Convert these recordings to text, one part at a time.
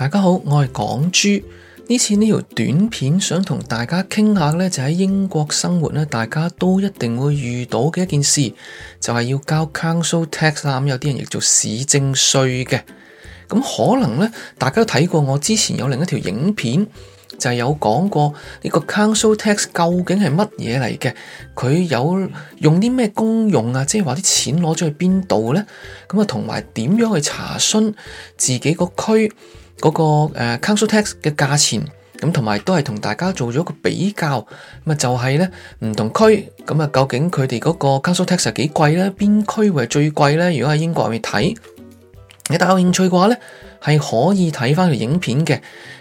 大家好，我係港珠。呢次呢條短片，想同大家傾下呢，就喺英國生活呢，大家都一定會遇到嘅一件事，就係要交 Council Tax 啦。咁有啲人亦做市政稅嘅，咁可能呢，大家都睇過我之前有另一條影片，就係有講過呢個 Council Tax 究竟係乜嘢嚟嘅，佢有用啲咩功用啊？即係話啲錢攞咗去邊度呢？咁啊，同埋點樣去查詢自己個區？嗰個 Council Tax 嘅價錢，咁同埋都係同大家做咗一個比較，咁啊就係咧唔同區，咁啊究竟佢哋嗰個 Council Tax 係幾貴咧？邊區會係最貴咧？如果喺英國入面睇，你有，有興趣嘅話咧。係可以睇翻佢影片嘅，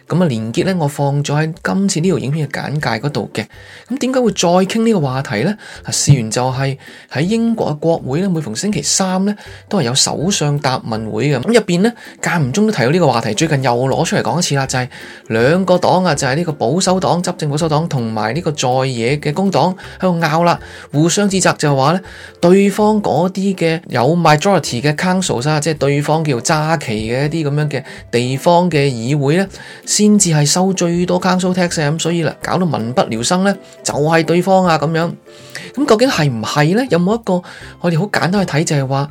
咁啊，連結咧我放咗喺今次呢條影片嘅簡介嗰度嘅。咁點解會再傾呢個話題咧？事源就係喺英國嘅國會咧，每逢星期三咧都係有首相答問會嘅。咁入面咧間唔中都提到呢個話題，最近又攞出嚟講一次啦，就係兩個黨啊，就係呢個保守黨執政保守黨同埋呢個在野嘅工黨喺度拗啦，互相指責就話咧對方嗰啲嘅有 majority 嘅 council 啦，即係對方叫揸旗嘅一啲咁樣。嘅地方嘅議會咧，先至係收最多 Council Tax 咁，所以啦，搞到民不聊生咧，就係、是、對方啊咁樣。咁究竟係唔係咧？有冇一個我哋好簡單去睇就係、是、話，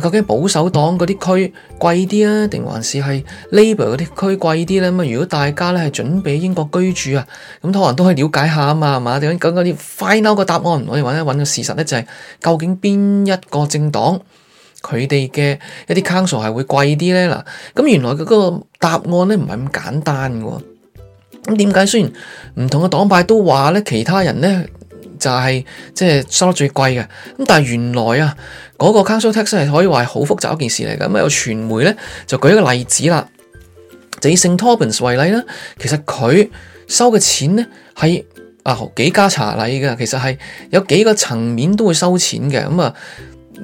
究竟保守黨嗰啲區貴啲啊，定還是係 Labour 嗰啲區貴啲咧？咁如果大家咧係準備英國居住啊，咁可能都可以了解下啊嘛，係嘛？點樣講嗰啲 final 嘅答案？我哋搵一搵個事實咧、就是，就係究竟邊一個政黨？佢哋嘅一啲 council 係會貴啲咧，嗱咁原來佢嗰個答案咧唔係咁簡單嘅。咁點解？雖然唔同嘅黨派都話咧，其他人咧就係即係收得最貴嘅。咁但係原來啊，嗰、嗰個 council tax 係可以話係好複雜一件事嚟嘅。咁啊，有傳媒咧就舉一個例子啦，就以聖 Tobin 為例啦，其實佢收嘅錢咧係啊幾家查禮嘅，其實係有幾個層面都會收錢嘅。咁啊。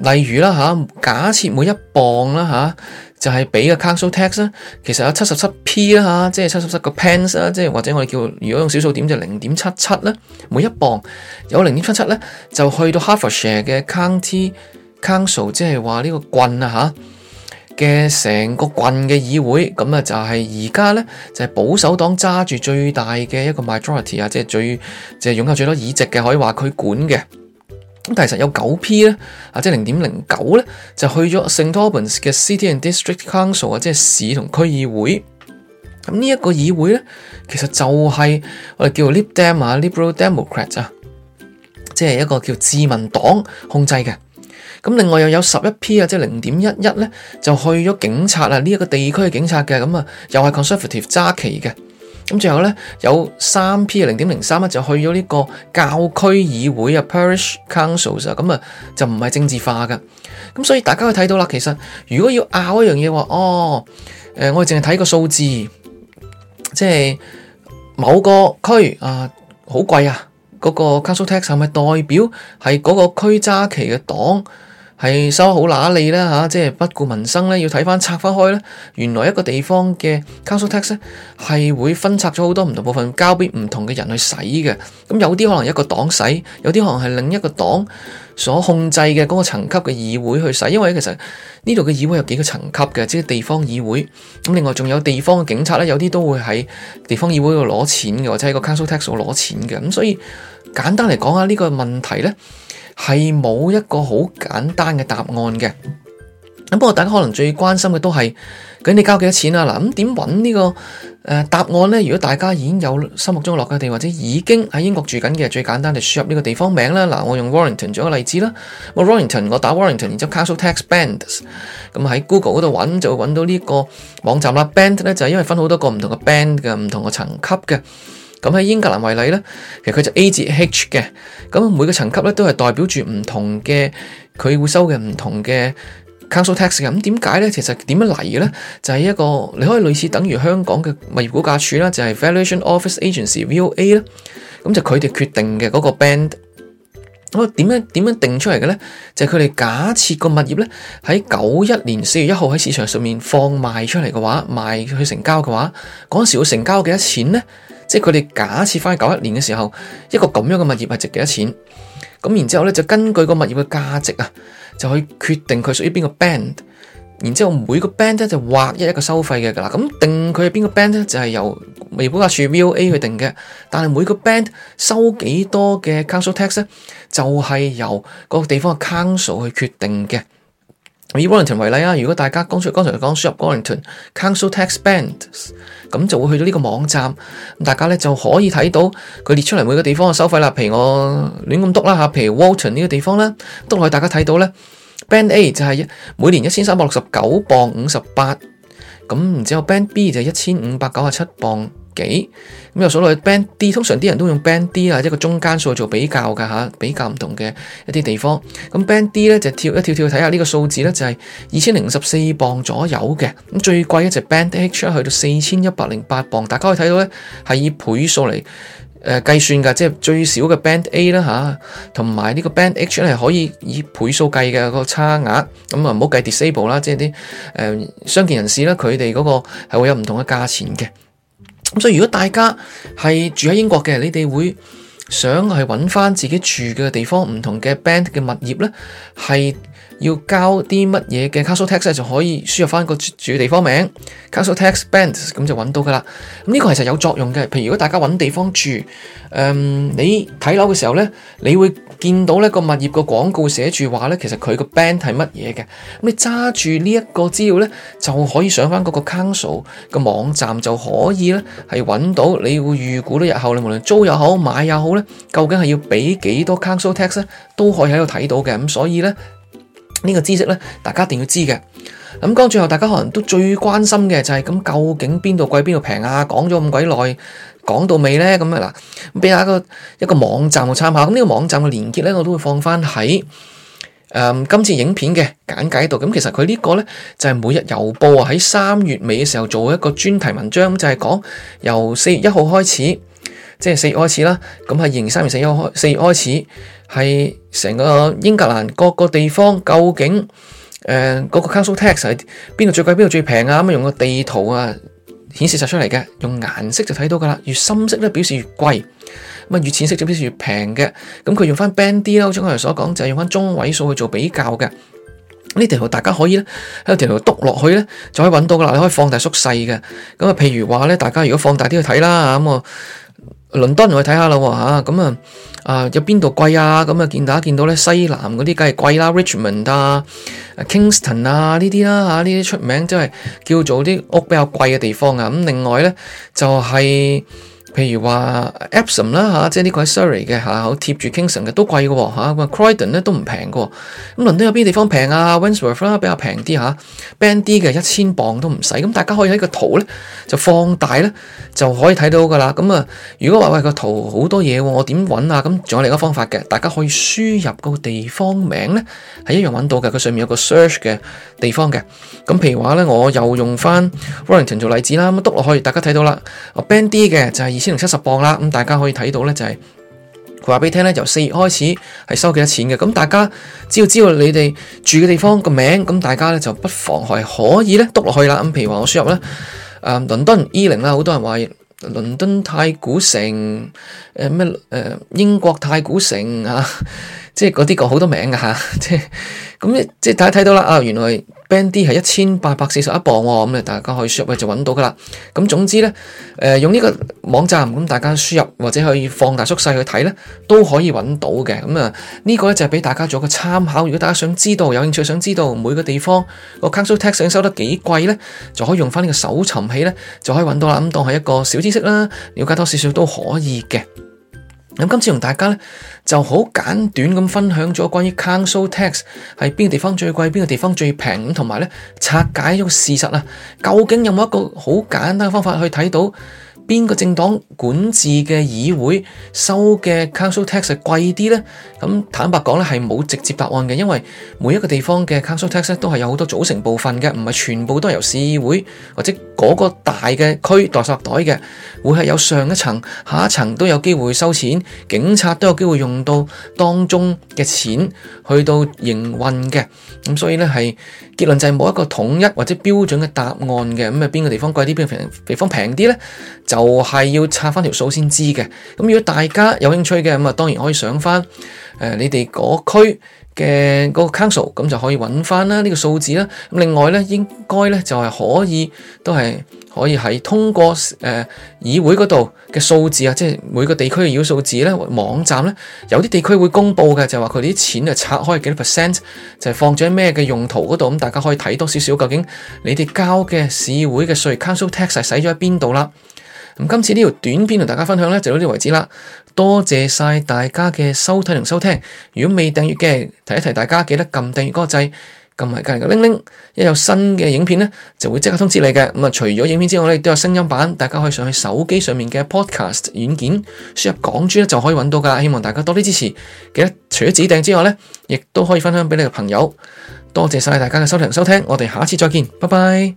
例如啦吓，假設每一磅啦吓，就係畀個 Council Tax 啦。其實有七十七 p 啦吓，即係七十七個 pence 啦，即係或者我哋叫，如果用小數點就零點七七啦，每一磅有零點七七咧，就去到 Hertfordshire 嘅 County Council，即係話呢個郡啊吓，嘅成個郡嘅議會，咁啊就係而家咧就係保守黨揸住最大嘅一個 Majority 啊，即係最即係擁有最多議席嘅可以話佢管嘅。咁其實有九 P 咧，啊，即係零點零九咧，就去咗 St Albans 嘅 City and District Council 啊，即係市同區議會。咁呢一個議會咧，其實就係我哋叫 Lib Dem，Liberal Democrats 啊，即係一個叫自民黨控制嘅。咁另外又有十一 P 啊，即係零點一一咧，就去咗警察啊，呢、這、一個地區嘅警察嘅，咁啊又係 Conservative 揸旗嘅。咁最後咧，有三 P 零點零三啊，就去咗呢個教區議會啊，Parish Councils 啊，咁啊就唔係政治化㗎。咁所以大家可以睇到啦，其實如果要拗一樣嘢話，哦，我哋淨係睇個數字，即係某個區啊，好貴啊，嗰個 Council Tax 係咪代表係嗰個區揸旗嘅黨？係收好乸利啦吓，即係不顧民生咧。要睇翻拆翻開咧，原來一個地方嘅 c a r l tax 咧係會分拆咗好多唔同部分，交俾唔同嘅人去使嘅。咁有啲可能一個黨使，有啲可能係另一個黨所控制嘅嗰個層級嘅議會去使。因為其實呢度嘅議會有幾個層級嘅，即係地方議會。咁另外仲有地方嘅警察咧，有啲都會喺地方議會度攞錢嘅，或者喺個 council tax 度攞錢嘅。咁所以簡單嚟講下呢個問題咧。係冇一個好簡單嘅答案嘅。咁不過大家可能最關心嘅都係，咁你交幾多錢啊？嗱，咁點揾呢個誒答案呢？如果大家已經有心目中落腳地，或者已經喺英國住緊嘅，最簡單就輸入呢個地方名啦。嗱，我用 Warrington 做一個例子啦。我 Warrington，我打 Warrington，然之後 Council Tax Band，咁喺 Google 嗰度揾就揾到呢個網站啦。Band 咧就係因為分好多個唔同嘅 band 嘅唔同嘅層級嘅。咁喺英格蘭為例咧，其實佢就 A 至 H 嘅，咁每個層級咧都係代表住唔同嘅，佢會收嘅唔同嘅 council tax 嘅。咁點解咧？其實點樣嚟嘅咧？就係、是、一個你可以類似等於香港嘅物業估價處啦，就係、是、Valuation Office Agency（VOA） 啦。咁就佢哋決定嘅嗰個 band。咁點樣點樣定出嚟嘅咧？就係佢哋假設個物業咧喺九一年四月一號喺市場上面放賣出嚟嘅話，賣去成交嘅話，嗰陣時會成交幾多錢咧？即係佢哋假設翻去九一年嘅時候，一個咁樣嘅物業係值幾多錢？咁然之後咧，就根據個物業嘅價值啊，就去決定佢屬於邊個 band。然之後每個 band 咧就劃一一個收費嘅喇。咁定佢係邊個 band 咧，就係由微保價處 VOA 去定嘅。但係每個 band 收幾多嘅 Council Tax 咧，就係由個地方嘅 Council 去決定嘅。以 Walton 為例啊，如果大家剛才剛才講輸入 Walton Council Tax Band，咁就會去到呢個網站，大家咧就可以睇到佢列出嚟每個地方嘅收費啦。譬如我亂咁督啦吓，譬如 Walton 呢個地方咧，督落去大家睇到咧，Band A 就係每年一千三百六十九磅五十八，咁然之後 Band B 就係一千五百九十七磅。咁又數落 band D，通常啲人都用 band D 啊，一個中間數做比較㗎，比較唔同嘅一啲地方。咁 band D 咧就係、跳一跳跳睇下呢個數字咧，就係二千零十四磅左右嘅。咁最貴就係 band H 去到四千一百零八磅。大家可以睇到咧係以倍數嚟誒、呃、計算㗎，即係最少嘅 band A 啦、啊、嚇，同埋呢個 band H 係可以以倍數計嘅、嗰個差額。咁啊，唔好計 disable 啦，即係啲誒商界人士呢，佢哋嗰個係會有唔同嘅價錢嘅。咁所以如果大家係住喺英國嘅，你哋會想係揾翻自己住嘅地方，唔同嘅 band 嘅物業咧，係。要交啲乜嘢嘅 Council Tax 呢，就可以輸入翻個住地方名 Council Tax Band，咁就揾到噶啦。咁呢個其實有作用嘅。譬如如果大家揾地方住，誒、嗯、你睇樓嘅時候呢，你會見到呢個物業個廣告寫住話呢，其實佢個 Band 係乜嘢嘅。咁你揸住呢一個資料呢，就可以上翻嗰個 Council 個網站，就可以呢係揾到。你會預估到日後你無論租又好買又好呢，究竟係要俾幾多 Council Tax 呢，都可以喺度睇到嘅。咁所以呢。呢個知識呢，大家一定要知嘅。咁講最後，大家可能都最關心嘅就係、是、咁，究竟邊度貴邊度平啊？講咗咁鬼耐，講到尾呢，咁喇。嗱，俾下一個一個網站我參考。咁、這、呢個網站嘅連結呢，我都會放翻喺、嗯、今次影片嘅簡介度。咁其實佢呢個呢，就係、是、每日郵報喺三月尾嘅時候做一個專題文章，就係、是、講由四月一號開始，即係四月開始啦。咁係二零三月四號開，四月開始。係成個英格蘭各個地方究竟，誒嗰、呃、個 council tax 係邊度最貴邊度最平啊？咁用個地圖啊顯示晒出嚟嘅，用顏色就睇到噶啦，越深色咧表示越貴，咁啊越淺色就表示越平嘅。咁、嗯、佢用翻 band D 啦，好似我哋所講，就係、是、用翻中位數去做比較嘅。呢條圖大家可以咧喺個條圖篤落去咧，就可以搵到噶啦。你可以放大縮細嘅。咁、嗯、啊，譬如話咧，大家如果放大啲去睇啦，咁、嗯倫敦又去睇下喇嚇，咁啊，啊有邊度貴啊？咁啊大家見到咧，西南嗰啲梗係貴啦，Richmond 啊、Kingston 啊呢啲啦，呢啲出名即係、就是、叫做啲屋比較貴嘅地方啊。咁另外咧就係、是。譬如話 Epsom 啦嚇，即係呢個係 Surrey 嘅嚇，貼住 Kingston 嘅都貴嘅喎嚇。咁 Croydon 咧都唔平嘅。咁啊、倫敦有邊地方平啊？Wandsworth 啦比較平啲嚇。Band D 嘅一千磅都唔使。咁大家可以喺個圖咧就放大咧就可以睇到㗎啦。咁啊，如果話喂、這個圖好多嘢，我點揾啊？咁仲有另一個方法嘅，大家可以輸入個地方名咧係一樣揾到嘅。佢上面有一個 search 嘅地方嘅。咁、啊、譬如話咧，我又用翻 Warrington 做例子啦。咁篤落去，大家睇到啦。Band D 嘅就係、是。千零七十磅啦，咁大家可以睇到呢、就是，就係佢話俾你聽咧，由四月開始係收幾多錢嘅。咁大家只要知道你哋住嘅地方個名字，咁大家咧就不妨係可以呢篤落去啦。咁譬如話我輸入呢，誒倫敦 E 零啦，好多人話倫敦太古城，誒咩誒英國太古城啊。即係嗰啲個好多名噶吓，啊，即係咁即係大家睇到啦啊，原來 Band D 係一千八百四十一磅，咁你大家可以輸入 a 就揾到噶啦。咁總之咧，誒、呃、用呢個網站咁大家輸入或者可以放大縮細去睇咧，都可以揾到嘅。咁啊呢、這個咧就係俾大家做個參考。如果大家想知道有興趣想知道每個地方個 council tax 收得幾貴咧，就可以用翻呢個搜尋器咧，就可以揾到啦。咁當係一個小知識啦，了解多少少都可以嘅。咁今次同大家咧就好簡短咁分享咗關於 Council Tax 係邊個地方最貴，邊個地方最平，同埋咧拆解咗個事實啊，究竟有冇一個好簡單嘅方法去睇到？邊個政黨管治嘅議會收嘅 council tax 係貴啲呢？咁坦白講咧，係冇直接答案嘅，因為每一個地方嘅 council tax 都係有好多組成部分嘅，唔係全部都由市議會或者嗰個大嘅區代垃袋嘅，會係有上一層、下一層都有機會收錢，警察都有機會用到當中嘅錢去到營運嘅。咁所以呢，係結論就係冇一個統一或者標準嘅答案嘅。咁啊，邊個地方貴啲，邊個地方平啲呢？就係要拆翻條數先知嘅。咁如果大家有興趣嘅，咁啊當然可以上翻誒你哋嗰區嘅個 council，咁就可以揾翻啦呢個數字啦。咁另外咧，應該咧就係可以都係可以喺通過誒議會嗰度嘅數字啊，即係每個地區嘅要數字咧，網站咧有啲地區會公布嘅，就話佢啲錢係拆開幾多 percent，就係放咗喺咩嘅用途嗰度。咁大家可以睇多少少，究竟你哋交嘅市會嘅稅 council tax 係使咗喺邊度啦？咁今次呢條短片同大家分享呢，就到呢度為止啦，多謝晒大家嘅收睇同收聽。如果未訂閱嘅，提一提大家記得撳訂閱嗰個掣，撳埋隔籬嘅鈴鈴，一有新嘅影片呢，就會即刻通知你嘅。咁啊，除咗影片之外呢都有聲音版，大家可以上去手機上面嘅 Podcast 軟件輸入港珠就可以揾到噶。希望大家多啲支持，記得除咗指定之外呢，亦都可以分享俾你嘅朋友。多謝晒大家嘅收睇同收聽，我哋下次再見，拜拜。